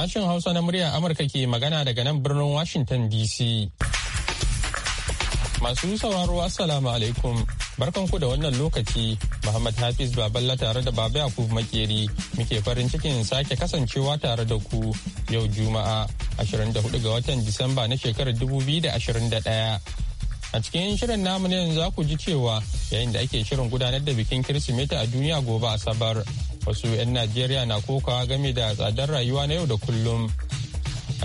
Sashen Hausa na murya Amurka ke magana daga nan birnin Washington DC. Masu sauraro Assalamu alaikum. barkan ku da wannan lokaci, Muhammad Hafiz Baballa tare da Baba Yakub Makeri muke farin cikin sake kasancewa tare da ku yau Juma'a 24 ga watan Disamba na shekarar 2021. A cikin shirin namu ne yanzu ku ji cewa yayin da ake shirin gudanar da bikin Kirsimeti a duniya gobe Asabar, wasu 'yan najeriya na kokawa game da tsadar rayuwa na yau da kullum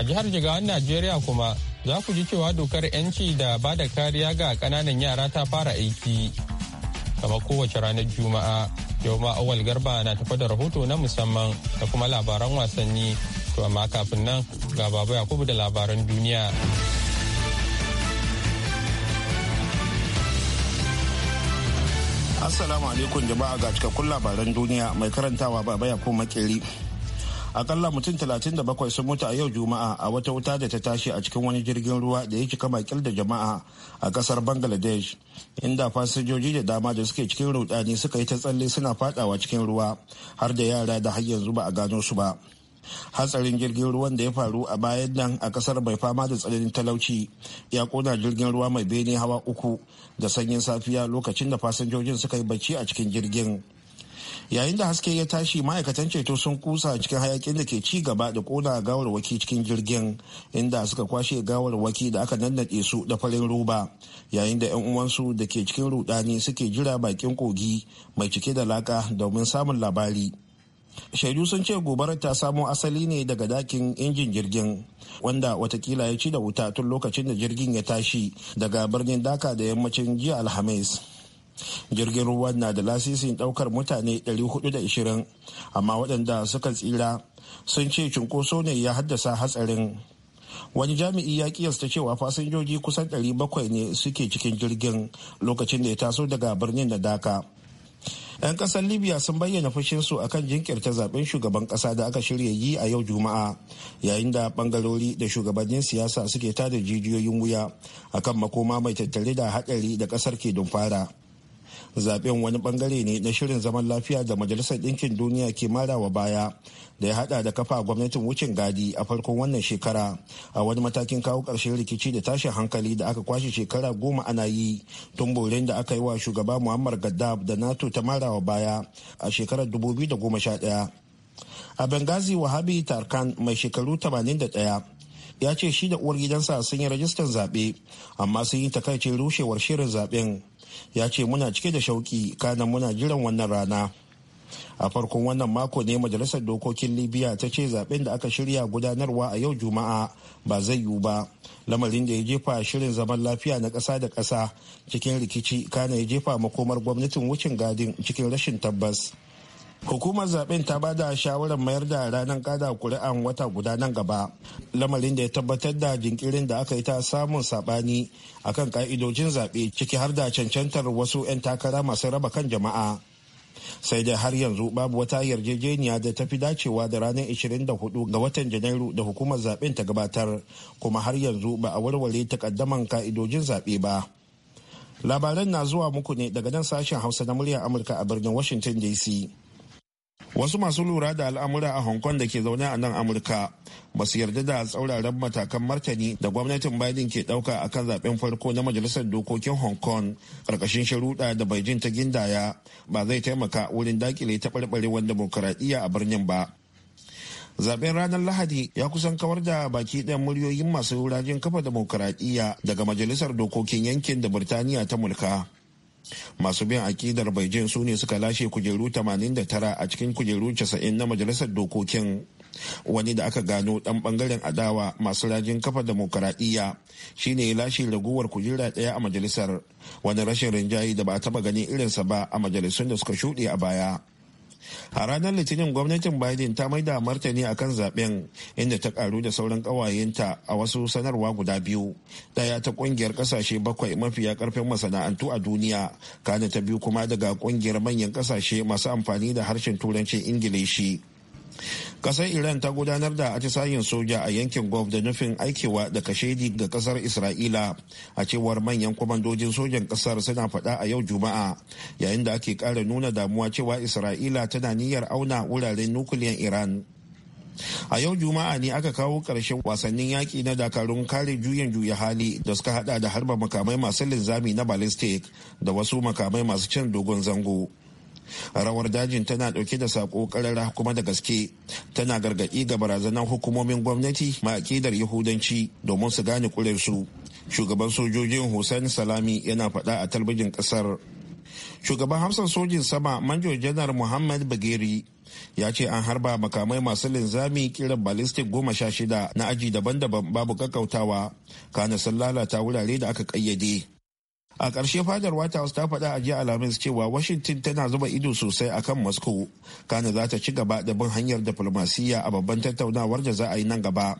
a jihar jigawan najeriya kuma za ku ji cewa dokar 'yanci da ba da kariya ga kananan yara ta fara aiki kamar kowace ranar juma'a yau ma awal garba na tafi da rahoto na musamman da kuma labaran wasanni to amma kafin nan ga babu yakubu da labaran duniya Assalamu alaikum jama'a ga cikakkun labaran duniya mai karantawa baba ya ko makeri. Akalla mutum 37 sun mutu a yau Juma'a a wata wuta da ta tashi a cikin wani jirgin ruwa da ya cika makil da jama'a a kasar Bangladesh inda fasinjoji da dama da suke cikin rudani suka yi ta tsalle suna fadawa cikin ruwa har da yara da har yanzu ba a gano su ba. hatsarin jirgin ruwan da ya faru a bayan nan a kasar mai fama da tsananin talauci ya kona jirgin ruwa mai bene hawa uku da sanyin safiya lokacin da fasinjojin suka yi bacci a cikin jirgin yayin da haske ya tashi ma'aikatan ceto sun kusa cikin hayakin da ke ci gaba da kona gawarwaki cikin jirgin inda suka kwashe gawarwaki da aka nannaɗe su da farin roba yayin da 'yan uwansu da ke cikin rudani suke jira bakin kogi mai cike da laka domin samun labari shaidu sun ce gobarar ta samo asali ne daga dakin injin jirgin wanda watakila ya ci da wuta tun lokacin da jirgin ya tashi daga birnin daka da yammacin jiya alhamis jirgin ruwa na da lasisin daukar mutane 420 amma waɗanda suka tsira sun ce cunkoso ne ya haddasa hatsarin wani jami'i ya kiyasta cewa fasinjoji kusan 700 ne suke cikin jirgin lokacin da ya taso daga birnin da daka 'yan ƙasar libya sun bayyana fushinsu kan jinkirta zaben shugaban ƙasa da aka shirya yi a yau juma'a yayin da bangarori da shugabannin siyasa suke tada jijiyoyin wuya akan makoma mai tattare da haɗari da ƙasar ke don fara zaben wani bangare ne na shirin zaman lafiya da majalisar ɗinkin duniya ke marawa baya da ya hada da kafa gwamnatin wucin gadi a farkon wannan shekara a wani matakin kawo ƙarshen rikici da tashin hankali da aka kwashe shekara goma ana yi tun borin da aka yi wa shugaba muhammad gaddaf da nato ta marawa baya a shekarar 2011 a bengazi wahabi tarkan mai shekaru tamanin da 81 ya ce shi da uwar gidansa sun yi rajistan zaɓe amma sun yi takaicin rushewar shirin zaɓen ya ce muna cike da shauki kana muna jiran wannan rana a farkon wannan mako ne majalisar dokokin libya ta ce zaben da aka shirya gudanarwa a yau juma'a ba zai yiwu ba lamarin da ya jefa shirin zaman lafiya na ƙasa da ƙasa cikin rikici kana ya jefa makomar gwamnatin wucin gadin cikin rashin tabbas hukumar zaben ta ba da shawarar mayar da ranar kada kuri'an wata guda nan gaba lamarin da ya tabbatar da jinkirin da aka yi ta samun sabani akan ka'idojin zaɓe ciki har da cancantar wasu 'yan takara masu raba kan jama'a sai dai har yanzu babu wata yarjejeniya da ta fi dacewa da ranar 24 ga watan janairu da hukumar zaben ta gabatar kuma har yanzu ba a warware takaddaman ka'idojin zaɓe ba labaran na zuwa muku ne daga nan sashen hausa na muryar amurka a birnin washington dc wasu masu lura da al'amura a hong kong da ke zaune a nan amurka ba su yarda da tsauraran matakan martani da gwamnatin biden ke ɗauka a kan zaben farko na majalisar dokokin hong kong karkashin sharuɗa da beijing ta gindaya ba zai taimaka wurin dakile taɓarɓarewar demokuraɗiyya a birnin ba zaben ranar lahadi ya kusan kawar da baki ɗayan muryoyin masu rajin kafa demokuraɗiyya daga majalisar dokokin yankin da birtaniya ta mulka masu bin akidar beijing su ne suka lashe kujeru 89 a cikin kujeru 90 na majalisar dokokin wani da aka gano dan bangaren adawa masu rajin kafa demokaradiyya shine ya lashe raguwar kujera daya a majalisar wani rashin rinjaye da ba a taba ganin irinsa ba a majalisun da suka shuɗe a baya a ranar litinin gwamnatin biden ta maida martani kan zaben inda ta karu da sauran kawayenta a wasu sanarwa guda biyu daya ta kungiyar kasashe bakwai mafiya karfin masana'antu a duniya kana ta biyu kuma daga kungiyar manyan kasashe masu amfani da harshen turancin ingilishi kasar iran ta gudanar da atisayen soja a yankin gulf da nufin aikewa da kashedi ga kasar isra'ila a cewar manyan kwamandojin sojan kasar suna faɗa a yau juma'a yayin da ake ƙara nuna damuwa cewa isra'ila tana niyyar auna wuraren nukiliyan iran a yau juma'a ne aka kawo ƙarshen wasannin yaƙi na dakarun kare juyin juya hali da suka hada da harba makamai masu linzami na ballistic da wasu makamai masu cin dogon zango rawar dajin tana dauke da sako karara kuma da gaske tana gargadi ga barazanar hukumomin gwamnati ma akidar yahudanci domin su gane su shugaban sojojin hussein salami yana fada a talbijin kasar. shugaban hamsan sojin sama manjo janar muhammad bageri ya ce an harba makamai masu linzami kiran ballistic goma sha shida na aji daban-daban babu kakkautawa kana sun lalata wurare da aka kayyade a ƙarshe fadar white house ta faɗa a jiya alhamis cewa washington tana zuba ido sosai a kan moscow kana za ta ci gaba da bin hanyar diflomasiyya a babban tattaunawar da za a yi nan gaba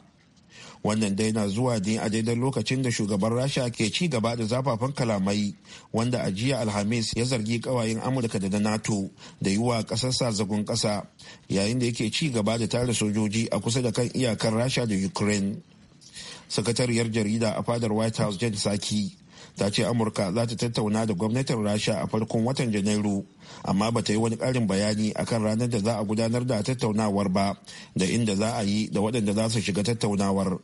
wannan dai na zuwa ne a daidai lokacin da shugaban rasha ke ci gaba da zafafan kalamai wanda a jiya alhamis ya zargi kawayen amurka da na nato da yi wa ƙasarsa zagon ƙasa yayin da yake ci gaba da tara sojoji a kusa da kan iyakar rasha da ukraine sakatariyar jarida a fadar white house jan saki ta ce amurka za ta tattauna da gwamnatin rasha a farkon watan janairu amma ba ta yi wani karin bayani akan ranar da za a gudanar da tattaunawar ba da inda za a yi da waɗanda za su shiga tattaunawar.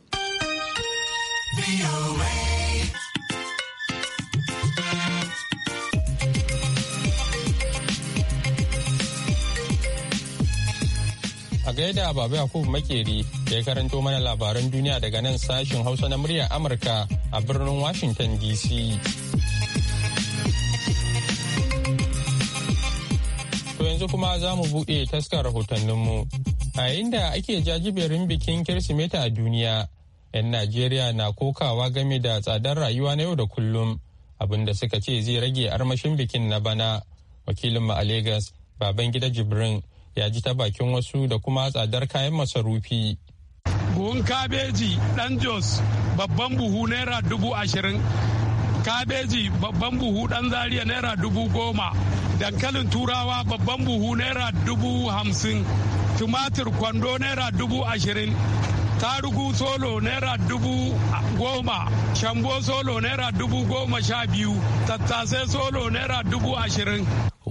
A gaida Baba Yakubu Makeri da ya karanto mana labaran duniya daga nan sashin Hausa na muryar Amurka a birnin Washington DC. To yanzu kuma za mu buɗe taskar rahotanninmu. A da ake jajiberin bikin Kirsimeti a duniya, 'yan Najeriya na kokawa game da tsadar rayuwa na yau da kullum, abin da suka ce zai rage armashin bikin na bana. Wakilinmu a Legas, gida Jibrin, ya ji ta bakin wasu da kuma tsadar kayan masarufi. buhun kabeji ɗan jos babban buhu naira dubu ashirin kabeji babban buhu ɗan zariya naira dubu goma dankalin turawa babban buhu naira dubu hamsin tumatir kwando naira dubu ashirin tarugu solo naira dubu goma shambo solo naira dubu goma sha biyu tattase solo naira dubu ashirin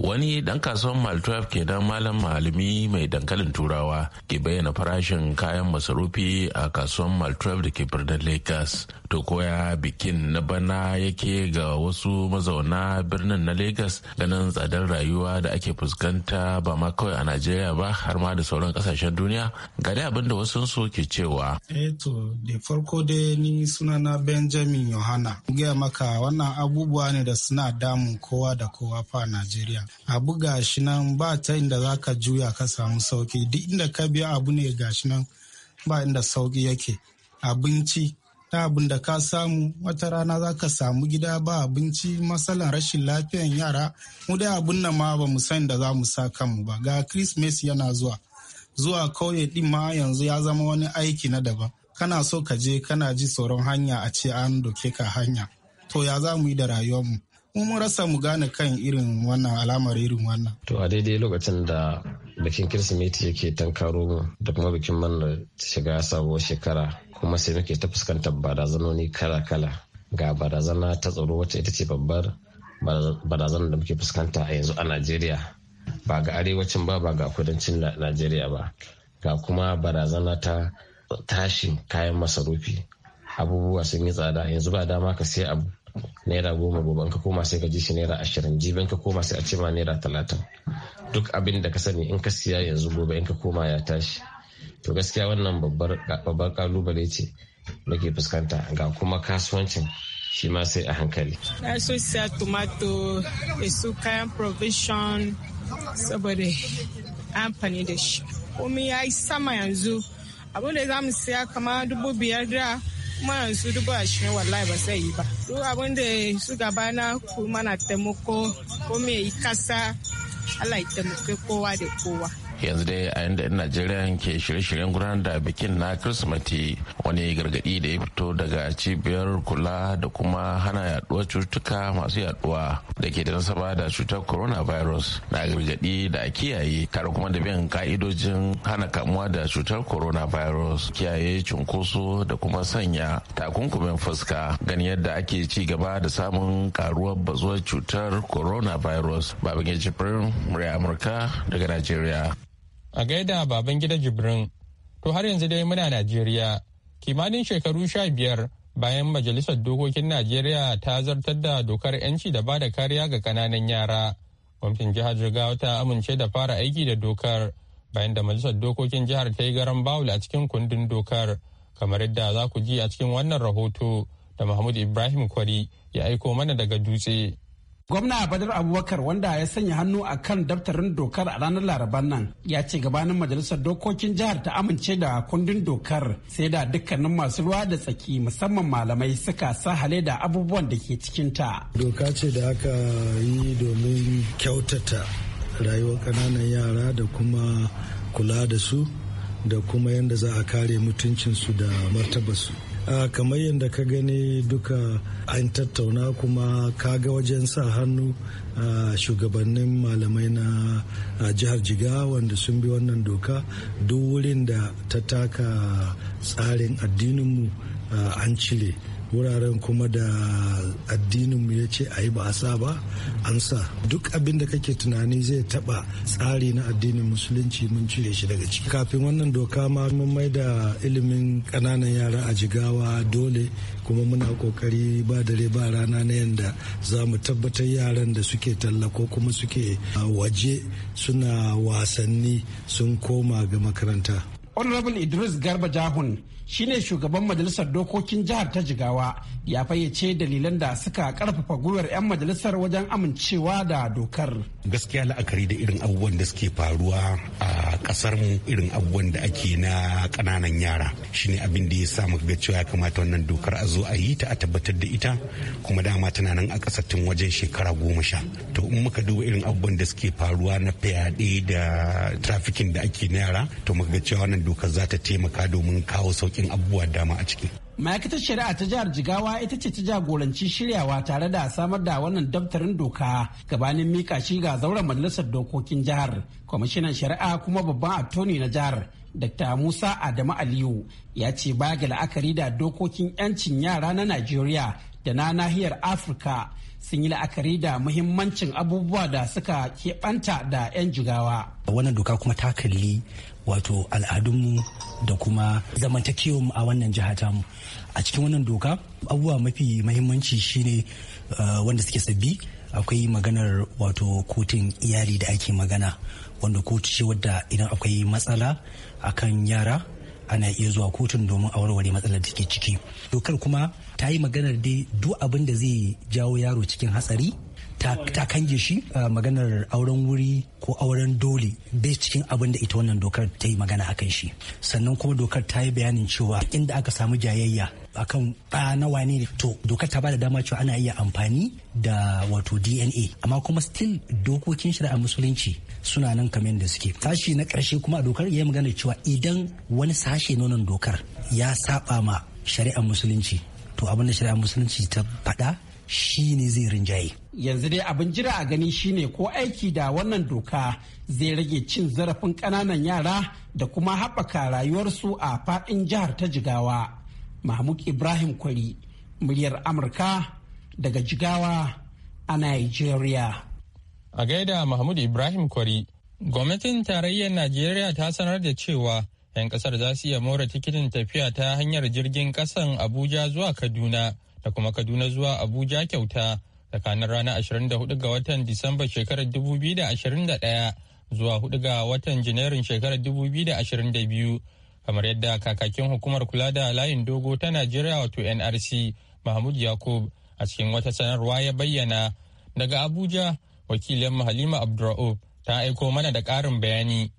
wani dan kasuwan mile 12 kenan malam malami mai dankalin turawa ke bayyana farashin kayan masarufi a kasuwan mile da ke birnin lagos to koya bikin na bana yake ga wasu mazauna birnin na lagos ganin tsadar rayuwa da ake fuskanta ba ma kawai a najeriya ba har ma da sauran kasashen duniya ga dai abin da wasu su ke cewa eto eh da farko dai ni sunana benjamin yohana gaya maka wannan abubuwa ne da suna damun kowa da kowa fa najeriya a buga shi nan ba ta inda za ka juya ka samu sauki duk inda ka biya abu ne ga shi nan ba inda sauki yake abinci ta abin da ka samu wata rana za ka samu gida ba abinci matsalan rashin lafiyan yara mu dai abun nan ma ba mu san da za mu sa kanmu ba ga christmas yana zuwa zuwa kauye din ma yanzu ya zama wani aiki na daban kana so ka je kana ji tsoron hanya a ce an doke ka hanya to ya za mu yi da rayuwarmu mun rasa mu gane kan irin wannan alamar irin wannan. To a daidai lokacin da bikin Kirsimeti yake tankaro mu da kuma bikin manna shiga sabuwar shekara kuma sai muke ta fuskantar barazanoni kala-kala ga barazana ta tsaro wacce ita ce babbar barazanar da muke fuskanta a yanzu a Najeriya ba ga arewacin ba ba ga kudancin Najeriya ba ga kuma barazana ta tashin kayan masarufi abubuwa sun yi tsada yanzu ba dama ka sai abu naira goma gobe ka koma sai ka ji shi naira ashirin jibin ka koma sai a ce ma naira talatin duk abin da ka sani in ka siya yanzu gobe in ka koma ya tashi to gaskiya wannan babbar kalubale ce muke fuskanta ga kuma kasuwancin shi ma sai a hankali. Na so siya tomato da su kayan provision saboda amfani da shi. Komi ya yi sama yanzu abu da za mu siya kama dubu biyar da kuma yanzu duk ba shi wallahi ba sai yi ba duk abin da su gaba na kuma na taimako ko me kasa Allah ya taimake kowa da kowa yanzu dai a yanda yan najeriya ke shirye-shiryen gudanar da bikin na kirsimati wani gargadi da ya fito daga cibiyar kula da kuma hana yaduwar cututtuka masu yaduwa da ke da nasaba da cutar coronavirus na gargadi da a kiyaye tare kuma da bin ka'idojin hana kamuwa da cutar coronavirus kiyaye cunkoso da kuma sanya takunkumin fuska gani yadda ake ci gaba da samun karuwar bazuwar cutar coronavirus babu jibirin murya amurka daga najeriya A gaida baban gida Jibrin, to har yanzu dai muna Najeriya, kimanin shekaru sha biyar bayan Majalisar Dokokin Najeriya ta zartar da dokar 'yanci da ba da kariya ga kananan yara. Gwamnatin jihar jirgawa ta amince da fara aiki da dokar bayan da Majalisar Dokokin jihar ta yi garan bawul a cikin kundin dokar, kamar yadda za ku ji a cikin wannan rahoto da Mahmud Ibrahim Kwari ya aiko mana daga dutse. Gwamna Badar Abubakar wanda ya sanya hannu a kan daftarin dokar a ranar Laraban nan ya ce gabanin majalisar dokokin jihar ta amince da kundin dokar sai da dukkanin masu ruwa da tsaki musamman malamai suka sahale da abubuwan da ke cikinta. Doka ce da aka yi domin kyautata rayuwar ƙananan yara da kuma kula da su da kuma yadda za a kare mutuncinsu da martabarsu. kamar yadda ka gani duka an tattauna kuma kaga wajen sa hannu a shugabannin malamai na jihar jiga wanda sun bi wannan doka duk wurin da ta taka tsarin addininmu an cire. wuraren kuma da addininmu ya ce a yi ba a sa ba an sa duk abin da kake tunani zai taba tsari na addinin musulunci mun cire shi daga ciki kafin wannan doka ma mun mai da ilimin ƙananan yara a jigawa dole kuma muna kokari ba dare ba rana na yadda za mu tabbatar yaran da suke talla ko kuma suke waje suna wasanni sun koma ga makaranta honorable idris garba jahun shine shugaban majalisar dokokin jihar ta jigawa ya fayyace dalilan da suka karfafa gwiwar 'yan majalisar wajen amincewa da dokar gaskiya la'akari da irin abubuwan da suke faruwa a kasar mu irin abubuwan da ake na kananan yara shine abin da ya sa mu ga cewa ya kamata wannan dokar a zo a yi ta a tabbatar da ita kuma dama tana nan a kasar tun wajen shekara goma sha to in muka duba irin abubuwan da suke faruwa na fyaɗe da trafikin da ake na yara to muka ga cewa wannan dokar za ta taimaka domin kawo sauƙin abubuwa dama a ciki. ma'aikatar shari'a ta jihar jigawa ita ce ta jagoranci shiryawa tare da samar da wannan daftarin doka gabanin mika shi ga zauren majalisar dokokin jihar kwamishinan shari'a kuma babban attorney na jihar dr musa adamu aliyu ya ce baya ga la'akari da dokokin 'yancin yara na najeriya da na nahiyar afirka sun yi la'akari da muhimmancin abubuwa da suka keɓanta da 'yan jigawa. wannan doka kuma ta kalli wato al'adunmu da kuma mu a wannan jiha mu a cikin wannan doka abubuwa mafi mahimmanci shine eh, wanda suke sabbi akwai maganar wato kotun iyali da ake magana wanda kotu ce wadda idan akwai matsala akan yara ana iya zuwa kotun domin a warware matsalar da ke ciki dokar kuma ta yi maganar dai duk abin da zai jawo yaro cikin hatsari ta kange shi maganar auren wuri ko auren dole bai cikin abin da ita wannan dokar ta yi magana akan shi sannan kuma dokar ta yi bayanin cewa inda aka samu jayayya akan na wane ne to dokar ta bada dama cewa ana iya amfani da wato dna amma kuma still dokokin shari'a musulunci suna nan kamar da suke sashi na karshe kuma a dokar ya yi magana cewa idan wani sashe nonon dokar ya saba ma shari'ar musulunci to abin da shari'ar musulunci ta faɗa shi ne zai rinjaye yanzu dai abin jira a gani shine ko aiki da wannan doka zai rage cin zarafin kananan yara da kuma haɓaka rayuwarsu a faɗin jihar ta jigawa mahmud ibrahim kwari muryar amurka daga jigawa a nigeria a gaida mahmud ibrahim kwari gwamnatin tarayyar najeriya ta sanar da cewa 'yan kasar za su iya more tikitin tafiya ta hanyar jirgin kasan abuja zuwa kaduna da kuma kaduna zuwa abuja kyauta tsakanin ranar 24 ga watan Disamba shekarar 2021 zuwa 4 ga watan Janairun shekarar 2022 kamar yadda kakakin hukumar kula da layin dogo ta Najeriya wato NRC Mahmud Yakub a cikin wata sanarwa ya bayyana daga Abuja wakilin Halima abdurraub ta aiko mana da ƙarin bayani.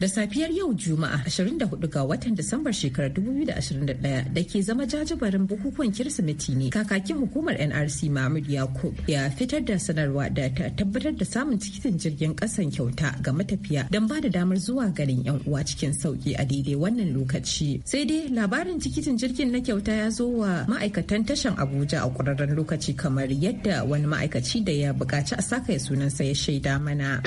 Da safiyar yau Juma'a 24 ga watan Disambar shekarar 2021 da ke zama jajibarin bukukuwan Kirsimeti ne kakakin hukumar NRC Mahmud Yakub ya fitar da sanarwa da ta tabbatar da samun tikitin jirgin kasan kyauta ga matafiya don ba da damar zuwa garin yan uwa cikin sauki a daidai wannan lokaci. Sai dai labarin tikitin jirgin na kyauta ya zo wa ma'aikatan tashan Abuja a ƙwararren lokaci kamar yadda wani ma'aikaci da ya buƙaci a saka sunansa ya shaida mana.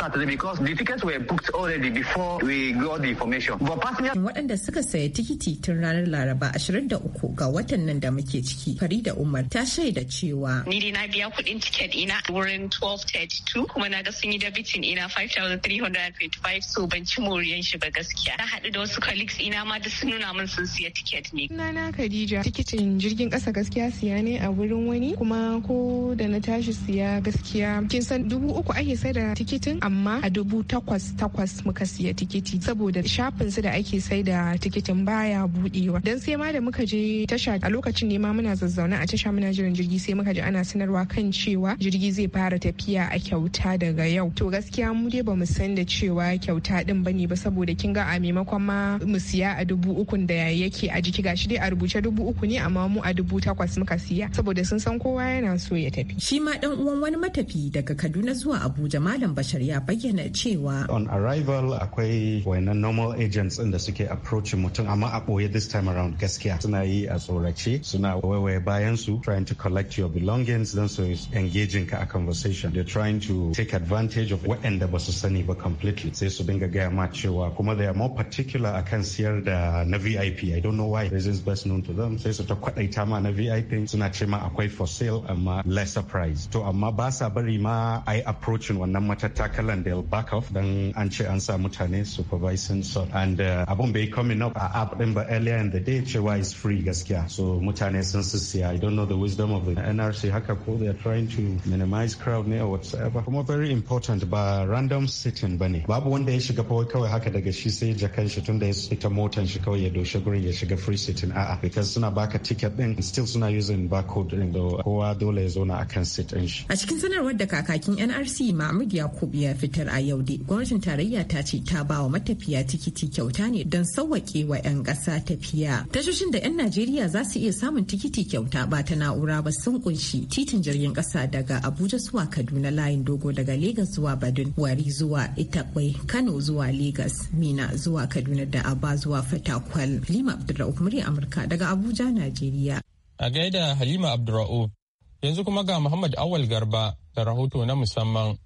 Started Saturday because the tickets were booked already before we got the information. But passengers waɗanda suka saya tikiti tun ranar Laraba 23 ga watan nan da muke ciki. Farida Umar ta shaida cewa ni dai na biya kuɗin tiket ina wurin 12:32 kuma na ga sun yi dabitin ina 5325 so ban ci moriyan shi ba gaskiya. Na haɗu da wasu colleagues ina ma da sun nuna min sun siya tiket ne. Sunana Khadija tikitin jirgin ƙasa gaskiya siya ne a wurin wani kuma ko da na tashi siya gaskiya kin san dubu uku ake sai da tikitin amma a dubu takwas takwas muka siya tikiti saboda shafin su da ake sai da tikitin baya budewa dan sai ma da muka je tasha a lokacin ne ma muna zazzauna a tasha muna jiran jirgi sai muka ji ana sanarwa kan cewa jirgi zai fara tafiya a kyauta daga yau to gaskiya mu dai bamu san da cewa kyauta din bane ba saboda kin ga a maimakon ma mu siya a dubu ukun da yake a jiki gashi dai a rubuce dubu uku ne amma mu a dubu takwas muka siya saboda sun san kowa yana so ya tafi shi ma dan uwan wani matafi daga Kaduna zuwa Abuja malam Bashar ya bayyana cewa on arrival akwai wayannan normal agents din da suke approaching mutum amma a ɓoye this time around gaskiya suna yi a tsorace suna waiwaye bayan su trying to collect your belongings don su engaging ka a conversation they're trying to take advantage of waɗanda ba su sani ba completely sai su dinga gaya ma cewa kuma they are more particular akan siyar da na VIP I don't know why this best known to them sai su ta kwadaita ma na VIP suna ce ma akwai for sale amma lesser price to amma ba sa bari ma ai approaching wannan matattakala Brandel Bakoff don an ce an sa mutane supervising so and uh, abun bai coming up a app din ba earlier in the day cewa is free gaskiya so mutane sun siya I don't know the wisdom of the NRC haka ko they are trying to minimize crowd ne or whatsoever kuma very important ba random sitting bane babu wanda ya shiga fa kawai haka daga shi sai jakan shi tunda ya fita motan shi kawai ya doshe gurin ya shiga free sitting a'a because suna baka ticket din still suna using barcode din da kowa dole ya a akan sit din shi a cikin sanarwar da kakakin NRC Mahmud Yakub ya ya fitar a yau dai gwamnatin tarayya ta ce ta bawa matafiya tikiti kyauta ne don sauwaƙe wa 'yan ƙasa tafiya. Tashoshin da 'yan Najeriya za su iya samun tikiti kyauta ba ta na'ura ba sun kunshi titin jirgin ƙasa daga Abuja zuwa Kaduna layin dogo daga Legas zuwa Badun, Wari zuwa Itakwai, Kano zuwa Legas, Mina zuwa Kaduna da Aba zuwa Fatakwal. Halima abdulrauf murya Amurka daga Abuja, Najeriya. A gaida Halima abdulrauf Yanzu kuma ga Muhammad Awal Garba da rahoto na musamman.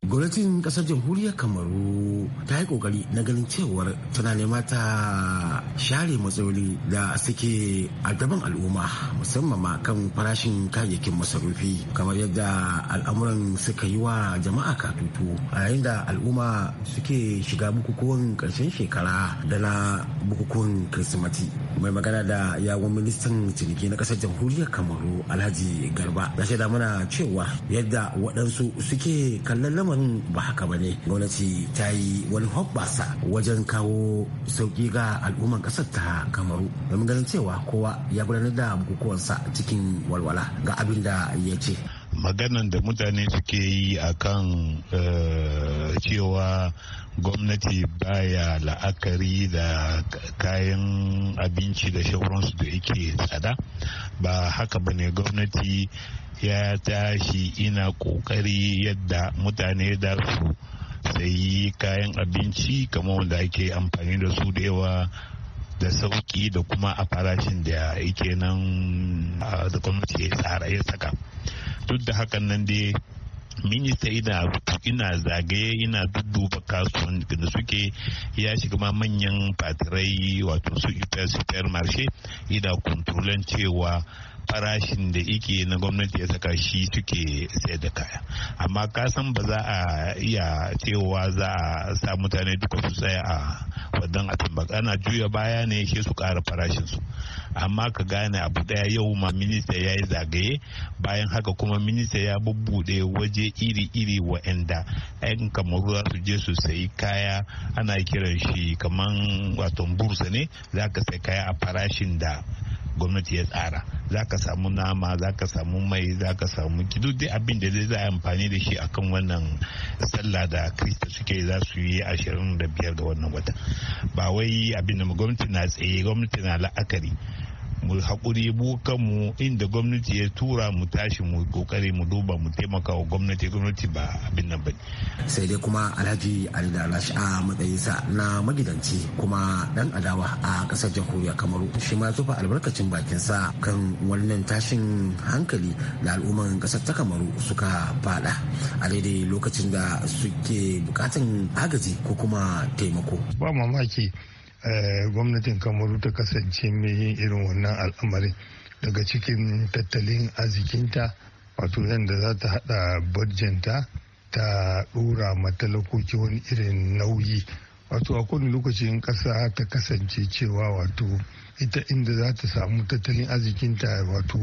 gwamnatin kasar jamhuriyar kamaru ta yi kokari na ganin cewar tana nema ta share matsaloli da suke a gaban al'umma musamman ma kan farashin kayayyakin masarufi kamar yadda al'amuran suka yi wa jama'a katutu a yayin da al'umma suke shiga bukukuwan karshen shekara da na bukukuwan kirsimati mai magana da yawon ministan ciniki na kasar jamhuriyar kamaru alhaji garba da shaida mana cewa yadda waɗansu suke kallon lamarin ba haka ba ne gwamnati ta yi wani hoɓɓasa wajen kawo sauƙi ga al'umman ƙasar ta kamaru domin ganin cewa kowa ya gudanar da bukukuwansa cikin walwala ga abin da ya ce maganan da mutane suke yi a kan eh, cewa gwamnati baya la'akari da kayan abinci da shauransu da yake tsada ba haka ba ne gwamnati ya tashi ina kokari yadda mutane da su sayi kayan abinci kamar wanda ake amfani da su da yawa da sauki da kuma a farashin da yake nan ah, da gwamnati ya tsara ya saka duk da hakan nan dai minista ina ina zagaye ina dudduba kasuwanci da suke ya shiga ma manyan fatirai wato su super marshe ina kontrolan cewa farashin da ike na gwamnati ya saka shi suke sayar da kaya amma kasan san ba za a iya cewa za a sa mutane duka su tsaya a wadan abin ana juya baya ne shi su kara farashin su amma ka gane abu daya yau ma minista ya yi zagaye bayan haka kuma minista ya bubbude waje iri-iri wa'anda ayin kamaru ruwa su je su sayi kaya ana kiran shi kaman wato bursa ne za ka sai kaya a farashin da gwamnati ya tsara za ka samu nama za ka samu mai za ka samu duk dai abin da zai za amfani da shi akan wannan sallah da krista suke za su yi ashirin da biyar ga wannan wata ba wai abin da gwamnati na tsaye gwamnati na la'akari mu haƙuri mu kanmu inda gwamnati ya tura mu tashi mu kokari mu duba mu taimaka wa gwamnati gwamnati ba abin nan ba sai dai kuma alhaji ali da alashi a matsayinsa na magidanci kuma dan adawa a ƙasar jamhuriyar kamaru shi ma tufa albarkacin bakinsa kan wannan tashin hankali da al'umman ƙasar ta kamaru suka fada a daidai lokacin da suke buƙatan agaji ko kuma taimako ba mamaki Eh, gwamnatin kamaru ta kasance mai yin irin wannan al'amarin daga cikin tattalin arzikinta wato yadda za ta hada budjenta ta dora matalakoki wani irin nauyi wato a kowane lokacin kasa ta kasance cewa wato ita inda za ta samu tattalin arzikinta wato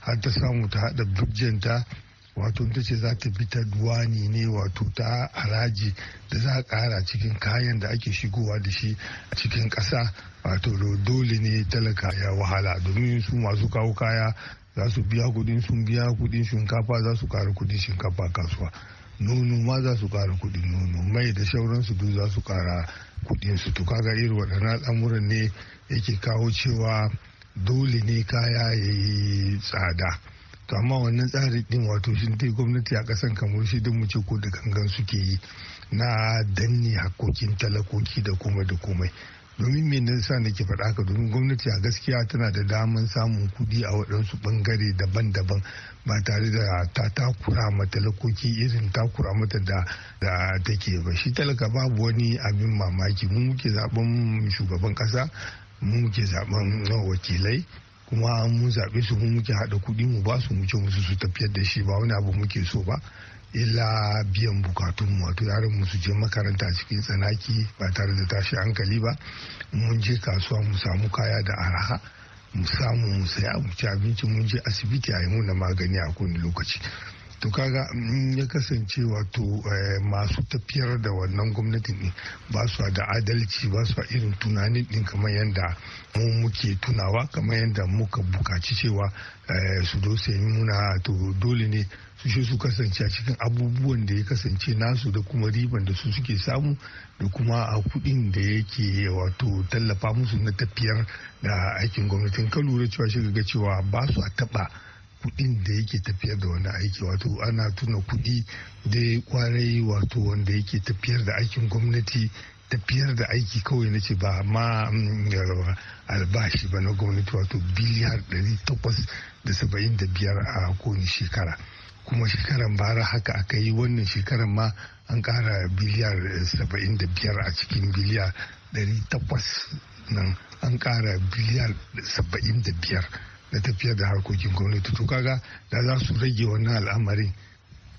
har ta samu ta hada budjenta wato ita ce za ta bi ta duwani ne wato ta haraji da za a kara cikin kayan da ake shigowa da shi a cikin ƙasa wato dole ne talaka ya wahala domin su masu kawo kaya za su biya kudin sun biya kudin shinkafa za su kara kudin shinkafa kasuwa nono ma za su kara kudin nono mai da shauransu duk za su kara kudin su to kaga irin waɗannan al'amuran ne yake kawo cewa dole ne kaya ya yi tsada to amma wannan tsari din wato shi dai gwamnati a kasan kamar shi don mu ce ko da gangan suke yi na danne hakokin talakoki da komai da komai domin me na sa nake faɗa ka domin gwamnati a gaskiya tana da daman samun kuɗi a waɗansu ɓangare daban-daban ba tare da ta takura ma talakoki irin takura mata da da take ba shi talaka babu wani abin mamaki mu muke zaben shugaban ƙasa mu muke zaben wakilai kuma mun zaɓe su mun muke haɗa kuɗi mu ba su muke musu su tafiyar da shi ba wani abu muke so ba illa biyan bukatun mu wato yaran mu su je makaranta cikin tsanaki ba tare da tashi hankali ba mun je kasuwa mu samu kaya da araha mu samu mu mu ci abinci mun je asibiti a yi muna magani a kowane lokaci to kaga ya kasance wato eh, masu tafiyar da wannan gwamnatin ne ba su da adalci ba su irin tunanin din kamar yadda mu muke tunawa kamar yadda muka bukaci cewa eh, su dosa yi muna to dole ne su shi su kasance a cikin abubuwan da ya kasance nasu da kuma riban da su suke samu da kuma a kudin da yake wato tallafa musu na tafiyar da aikin gwamnatin kan lura cewa shiga cewa ba su a taba kuɗin da yake tafiyar da wani aiki wato ana tuna kuɗi da kwarai wato wanda yake tafiyar da aikin gwamnati tafiyar da aiki kawai na ce ba ma mm, albashi ba na gwamnati wato biliyar 875 a kowane shekara kuma shekaran bara haka aka yi wannan shekaran ma an ƙara biliyar 75 a cikin biliyar 800 nan an kara biliyar biyar. na tafiyar da harkokin gwamnati to kaga da za su rage wannan al'amarin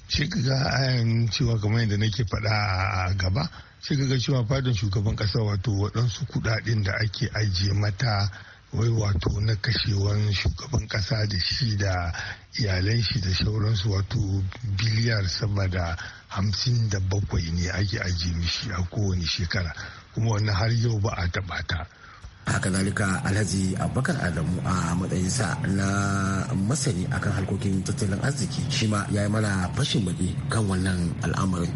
shi kaga ayan cewa kamar yadda nake faɗa a gaba shi kaga cewa fadin shugaban ƙasa wato waɗansu kuɗaɗen da ake ajiye mata wai wato na kashewan shugaban ƙasa da shi da iyalan shi da shauransu wato biliyar sama da hamsin da bakwai ne ake ajiye mishi a kowane shekara kuma wannan har yau ba a taɓa ta. haka zalika alhaji abubakar adamu a matsayinsa na masani akan harkokin tattalin arziki shi ma ya yi mana fashin baki kan wannan al'amarin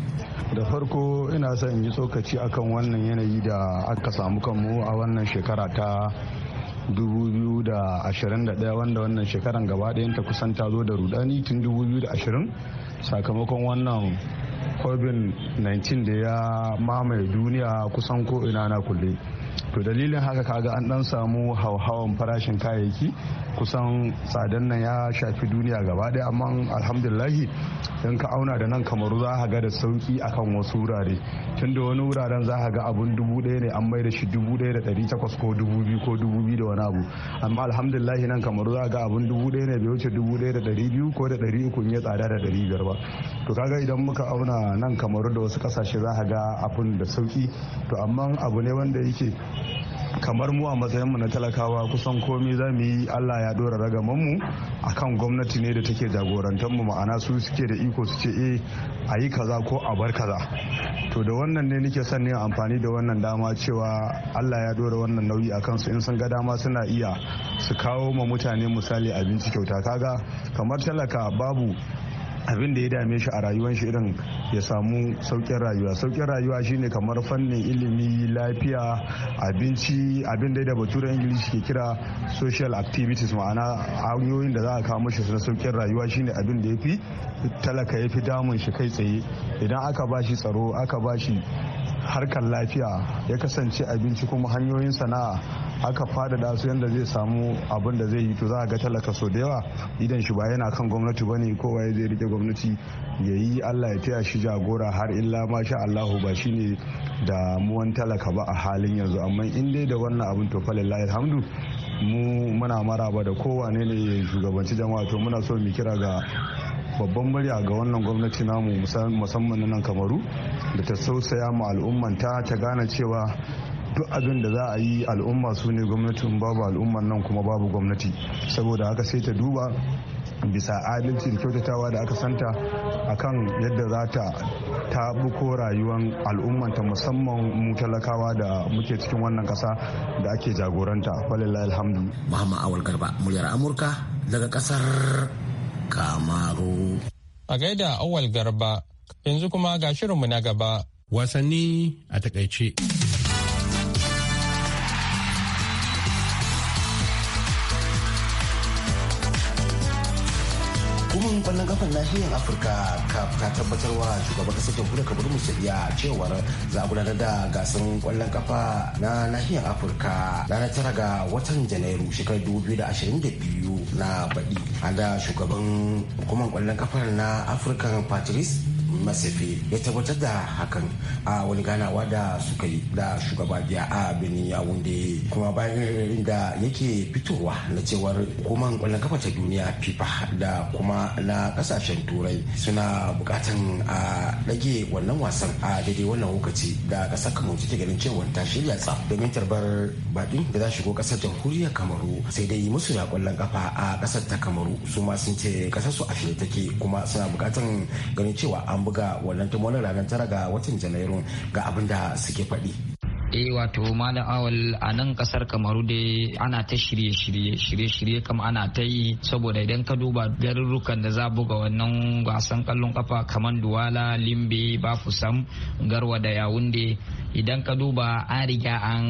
da farko ina in yi tsokaci akan wannan yanayi da aka samu kanmu a wannan shekara ta 2021 wanda wannan shekaran gaba ɗayan ta kusan ta zo da rudani tun 2020 sakamakon wannan covid-19 da ya mamaye duniya kusan ko ina na kulle to dalilin haka kaga an dan samu hauhawan farashin kayayyaki kusan tsadan nan ya shafi duniya gaba daya amma alhamdulillahi in ka auna da nan kamaru za ga da sauki akan wasu wurare tun da wani wuraren za ga abun dubu daya ne an mai da shi dubu daya da dari takwas ko dubu biyu ko dubu biyu da wani abu amma alhamdulillahi nan kamaru za ga abun dubu daya ne bai wuce dubu daya da dari biyu ko da dari uku ya tsada da dari biyar ba to kaga idan muka auna nan kamaru da wasu kasashe za a ga abun da sauki to amma abu ne wanda yake kamar mu a matsayin mu na talakawa kusan komai za mu yi allah ya dora ragamanmu a kan gwamnati ne da take jagorantarmu ma'ana su suke da iko su ce e a yi kaza ko a bar kaza to da wannan ne nake son ne amfani da wannan dama cewa allah ya dora wannan nauyi a kansu in sun ga dama suna iya su kawo ma mutane misali abinci kyauta kaga kamar talaka babu abin da ya dame shi a rayuwar shi irin ya samu saukin rayuwa saukin rayuwa shine kamar fannin ilimi lafiya abinci abin da da baturen ingilishi ke kira social activities ma'ana hanyoyin da za a kawo shi na saukin rayuwa shine abin da ya fi talaka ya fi damun shi kai tsaye idan aka ba shi tsaro aka ba shi harkar lafiya ya kasance abinci kuma hanyoyin sana'a aka fadada su yadda zai samu abin da zai yi to za a ga talaka so da yawa idan shi ba yana kan gwamnati bane kowa ya zai rike gwamnati ya yi allah ya taya shi jagora har illa masha allahu ba shi shine damuwan talaka ba a halin yanzu amma in dai da wannan abin to falillahi alhamdu mu muna ba da kowane ne shugabanci jama'a to muna so mu kira ga babban murya ga wannan gwamnati namu musamman nan kamaru da ta sausaya ma al'ummanta ta gane cewa duk abin da za a yi al'umma su ne gwamnatin babu al'umman nan kuma babu gwamnati saboda haka sai ta duba bisa adalci da kyautatawa da aka santa a kan yadda za ta tabuko rayuwar al'ummanta musamman mu talakawa da muke cikin wannan kasa da ake jagoranta walillahi alhamdu muhammad awal garba muryar amurka daga kasar kamaru a gaida awal garba yanzu kuma ga shirinmu na gaba wasanni a takaice kwallon kafan nahiyar afirka ta wa shugaban kasar jamhuriyar kamaru musa iya cewar za a gudanar da gasar kwallon kafa na nahiyar afirka ranar tara ga watan janairu shekarar biyu na baɗi a da shugaban hukumar kwallon kafar na afirka patrice masafi ya tabbatar da hakan a wani ganawa da suka yi da shugaba biya a birnin yawon da kuma bayan da yake fitowa na cewar kuma kwallon kafa ta duniya fifa da kuma na kasashen turai suna bukatan a ɗage wannan wasan a daidai wannan lokaci da ƙasar kamar ta ganin cewa ta shirya tsaf domin tarbar baɗin da za shigo kasar jamhuriyar kamaru sai dai musu ya kwallon kafa a ƙasar ta kamaru su ma sun ce ƙasar su a take kuma suna bukatan ganin cewa an buga wannan tumonin ranar tara ga watan janairun ga abin da suke faɗi. eh wato malam awal a nan kasar kamaru dai ana ta shirye-shirye shirye-shirye kama ana ta yi saboda idan ka duba garurrukan da za buga wannan wasan kallon kafa kamar duwala limbe bafusam garwa da yawunde idan ka duba an riga an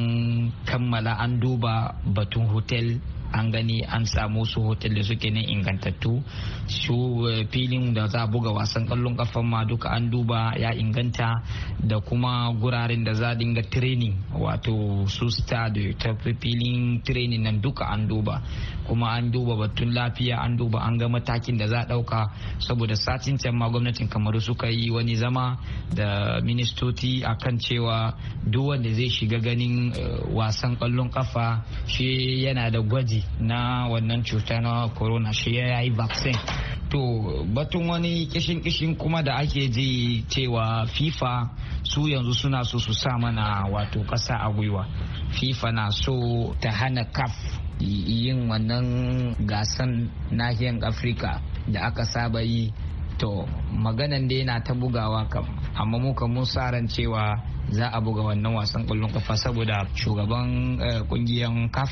kammala an duba batun hotel an gani an samu su hotel da suke nan ingantattu su eh, filin da za a buga wasan kallon kafan ma duka an duba ya inganta da kuma guraren da za a dinga training wato su da ta filin training nan duka an duba kuma an duba batun lafiya an duba an ga matakin da za a dauka saboda satin can ma gwamnatin kamaru suka yi wani zama da ministoci akan cewa duk wanda zai shiga ganin eh, wasan kwallon kafa shi yana da gwaji na wannan cuta na corona shi ya yi vaccine to batun wani kishin kishin kuma da ake ji cewa fifa su yanzu suna so su sa mana wato kasa a gwiwa fifa na so ta hana kaf yin wannan gasan nahiyar afirka da aka saba yi to maganan da yana ta bugawa kam amma muka mun sa ran cewa za a buga wannan wasan kwallon kafa saboda shugaban kungiyar eh, kaf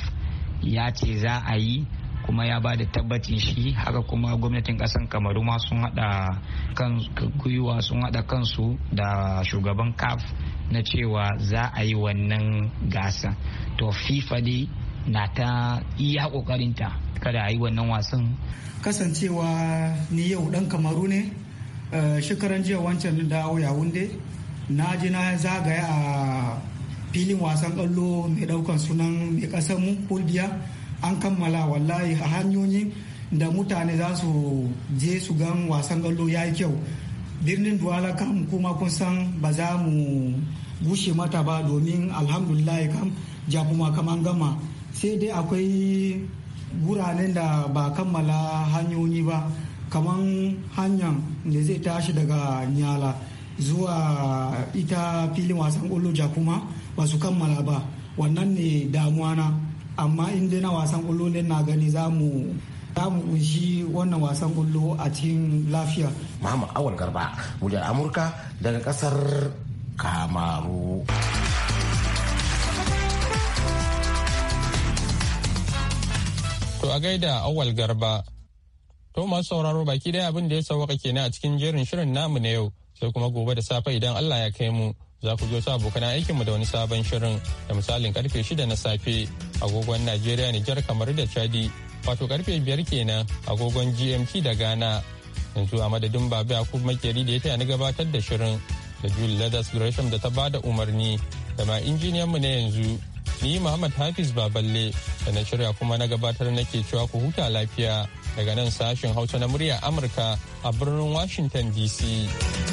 ya ce za a yi kuma ya ba da tabbacin shi haka kuma gwamnatin kasan kamaru ma sun hada kan gwiwa sun hada kansu da shugaban caf na cewa za a yi wannan gasa to fifa dai na ta iya kokarinta kada a yi wannan wasan kasancewa ni yau dan kamaru ne eh, shekaran jiya wancan da auya wunde na ji na zagaya a filin wasan kallo mai daukan sunan mai kasar mu kurdiya an kammala wallahi a hanyoyi da mutane za su je su gan wasan kallo ya yi kyau birnin duwala kan kuma kun san ba za mu gushe mata ba domin alhamdulillah kam kaman gama sai dai akwai wuraren da ba kammala hanyoyi ba kaman hanyar da zai tashi daga nyala zuwa ita filin wasan oloja kuma ba su kammala ba wannan ne damuwa na amma in dai na wasan ƙullo ne na gani za mu za wannan wasan ƙullo a cikin lafiya. Muhammad Awal Garba, muryar Amurka daga kasar Kamaru. To a gaida Awal Garba, to masu sauraro baki daya abin da ya sauwaka kenan a cikin jerin shirin namu na yau. sai kuma gobe da safe idan Allah ya kai mu za ku zo ta abokan mu da wani sabon shirin da misalin karfe 6 na safe agogon Najeriya Nijar kamar da Chadi wato karfe 5 kenan agogon GMT da Ghana yanzu a madadin babu Yakub Makeri da ya taya ni gabatar da shirin da Julie Ladas Gresham da ta ba da umarni da ma injiniyan mu ne yanzu ni Muhammad Hafiz Baballe da na shirya kuma na gabatar nake cewa ku huta lafiya daga nan sashen Hausa na murya Amurka a birnin Washington DC.